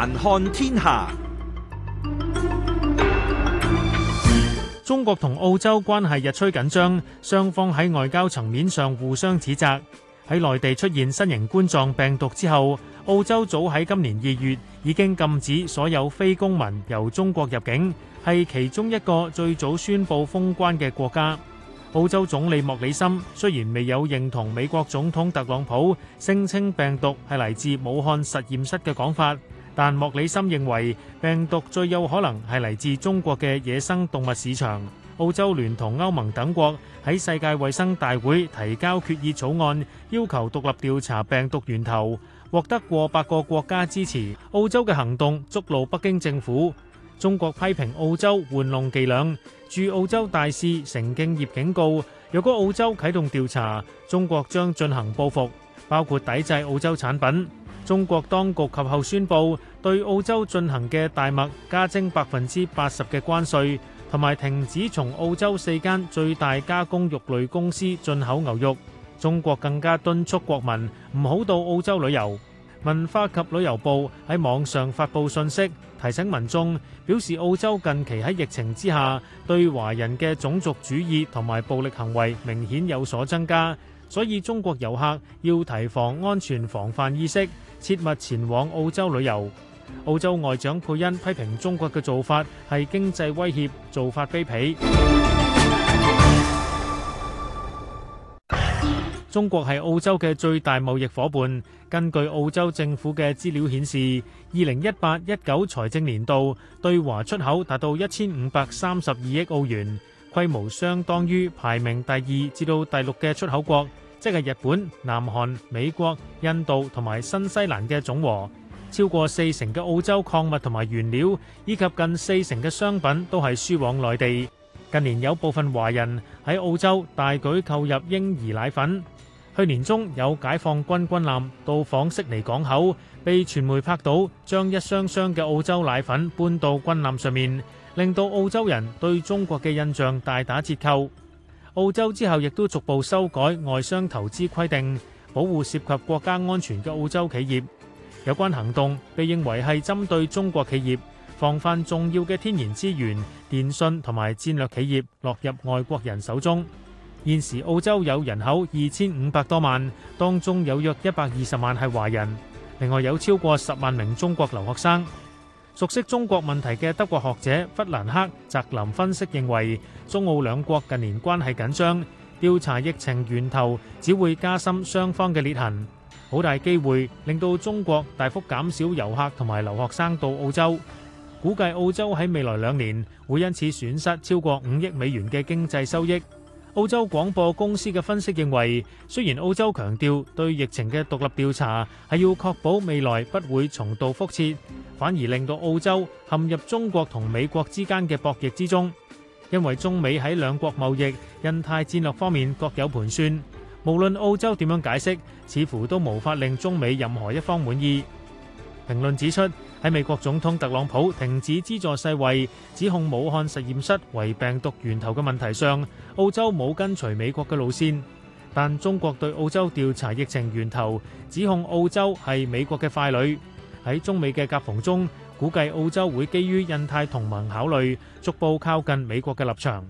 環看天下，中國同澳洲關係日趨緊張，雙方喺外交層面上互相指責。喺內地出現新型冠狀病毒之後，澳洲早喺今年二月已經禁止所有非公民由中國入境，係其中一個最早宣布封關嘅國家。澳洲總理莫里森雖然未有認同美國總統特朗普聲稱病毒係嚟自武漢實驗室嘅講法。但莫里森認為病毒最有可能係嚟自中國嘅野生動物市場，澳洲聯同歐盟等國喺世界衛生大會提交決議草案，要求獨立調查病毒源頭，獲得過百個國家支持。澳洲嘅行動觸怒北京政府，中國批評澳洲玩弄伎倆。駐澳洲大使成敬業警告：若果澳洲啟動調查，中國將進行報復，包括抵制澳洲產品。中國當局及後宣布對澳洲進行嘅大麥加徵百分之八十嘅關稅，同埋停止從澳洲四間最大加工肉類公司進口牛肉。中國更加敦促國民唔好到澳洲旅遊。文化及旅遊部喺網上發布信息。提醒民眾表示，澳洲近期喺疫情之下，對華人嘅種族主義同埋暴力行為明顯有所增加，所以中國遊客要提防安全防範意識，切勿前往澳洲旅遊。澳洲外長佩恩批評中國嘅做法係經濟威脅，做法卑鄙。 中國係澳洲嘅最大貿易夥伴。根據澳洲政府嘅資料顯示，二零一八一九財政年度對華出口達到一千五百三十二億澳元，規模相當於排名第二至到第六嘅出口國，即係日本、南韓、美國、印度同埋新西蘭嘅總和。超過四成嘅澳洲礦物同埋原料，以及近四成嘅商品都係輸往內地。近年有部分華人喺澳洲大舉購入嬰兒奶粉。去年中有解放軍軍艦到訪悉尼港口，被傳媒拍到將一箱箱嘅澳洲奶粉搬到軍艦上面，令到澳洲人對中國嘅印象大打折扣。澳洲之後亦都逐步修改外商投資規定，保護涉及國家安全嘅澳洲企業。有關行動被認為係針對中國企業，防範重要嘅天然資源、電信同埋戰略企業落入外國人手中。現時澳洲有人口二千五百多萬，當中有約一百二十萬係華人，另外有超過十萬名中國留學生。熟悉中國問題嘅德國學者弗蘭克·澤林分析認為，中澳兩國近年關係緊張，調查疫情源頭只會加深雙方嘅裂痕，好大機會令到中國大幅減少遊客同埋留學生到澳洲。估計澳洲喺未來兩年會因此損失超過五億美元嘅經濟收益。澳洲廣播公司嘅分析認為，雖然澳洲強調對疫情嘅獨立調查係要確保未來不會重蹈覆轍，反而令到澳洲陷入中國同美國之間嘅博弈之中。因為中美喺兩國貿易、印太戰略方面各有盤算，無論澳洲點樣解釋，似乎都無法令中美任何一方滿意。評論指出，喺美國總統特朗普停止資助世衛、指控武漢實驗室為病毒源頭嘅問題上，澳洲冇跟隨美國嘅路線，但中國對澳洲調查疫情源頭、指控澳洲係美國嘅傀儡，喺中美嘅夾縫中，估計澳洲會基於印太同盟考慮，逐步靠近美國嘅立場。